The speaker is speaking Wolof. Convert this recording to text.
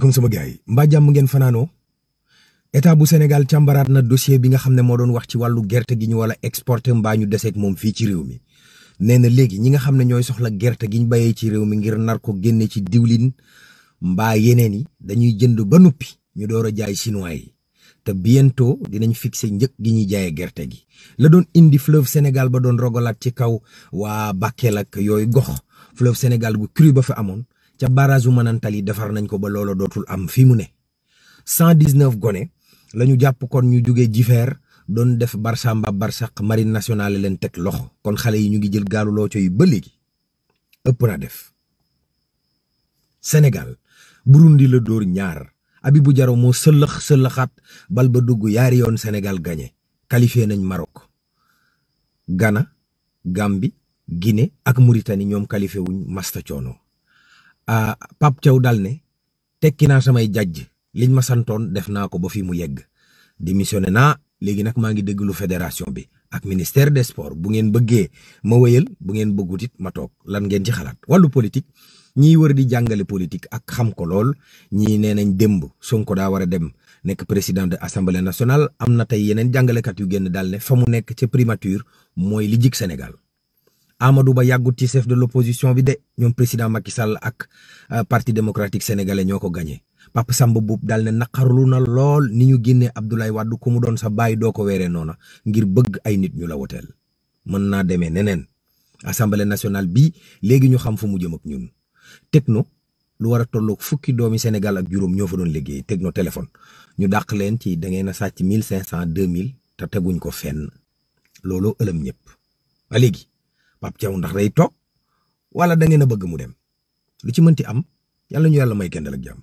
comme sama gars yi mbaa jàmm ngeen fanaanoo état bu Sénégal càmbaraat na dossier bi nga xam ne moo doon wax ci wàllu gerte gi ñu wala exporté mbaa ñu deseeg moom fii ci réew mi nee na léegi ñi nga xam ne ñooy soxla gerte gi ñu bayee ci réew mi ngir nar ko génne ci diwlin mbaa yeneen yi dañuy jënd ba noppi ñu door a jaay chinois yi te bientôt dinañ fixé njëg gi ñuy jaayee gerte gi. la doon indi fleuve Sénégal ba doon rogalaat ci kaw waa Bakel ak yooyu gox fleuve Sénégal bu cru ba fa amoon. ca barrage bu Manantali defar nañ ko ba loola dootul am fi mu ne cent dix-neuf gone la ñu jàpp kon ñu jógee jifeer doon def barsamba barsaq marine nationale leen teg loxo kon xale yi ñu ngi jël gaalu looco yi ba ëpp na def Sénégal Burundi la dóor ñaar Abibou Diarra moo sëllëx sëllëxaat bal ba dugg yaari yoon Sénégal gagné qualifié nañ Maroc gana Gambie Guinée ak Mauritanie ñoom kalifé wuñ masta coono Ah, Pape Thiaw dal ne tekki naa samay jajj liñ ma santoon def naa ko ba fii mu yegg démissionné naa léegi nag maa ngi déglu fédération bi ak ministère de sports bu ngeen bëggee ma wéyal bu ngeen bëggut it ma toog lan ngeen ci xalaat wàllu politique ñiy wër di jàngale politique ak xam ko lool ñii nee nañ démb Sonko daa war a dem nekk président de assemblée nationale am na tey yeneen jàngalekat yu genn daal ne fa mu nekk ca primature mooy li jig Sénégal. Amadou Ba yàggut ci chef de l'opposition bi de ñoom président Macky Sall ak euh, parti démocratique sénégalais ñoo ko gagné Papa Samba Boub daal ne naqarlu na lool ni ñu génnee Abdoulaye Wade ku mu doon sa bàyyi doo ko weeree noona ngir bëgg ay nit ñu la woteel mën naa demee neneen assemblée national bi léegi ñu xam fu mu jëm ak ñun techno lu war a tolloog fukki doomi Sénégal ak juróom ñoo fa doon liggéey techno téléphone ñu dàq leen ci da ngeen a sàcc mille cinq cent deux mille te teguñ ko fenn looloo ëlëm ñëpp Pape Thiaw ndax day toog wala da ngeen a bëgg mu dem lu ci mënti am yàlla ñu yàlla may kendal ak jàmm.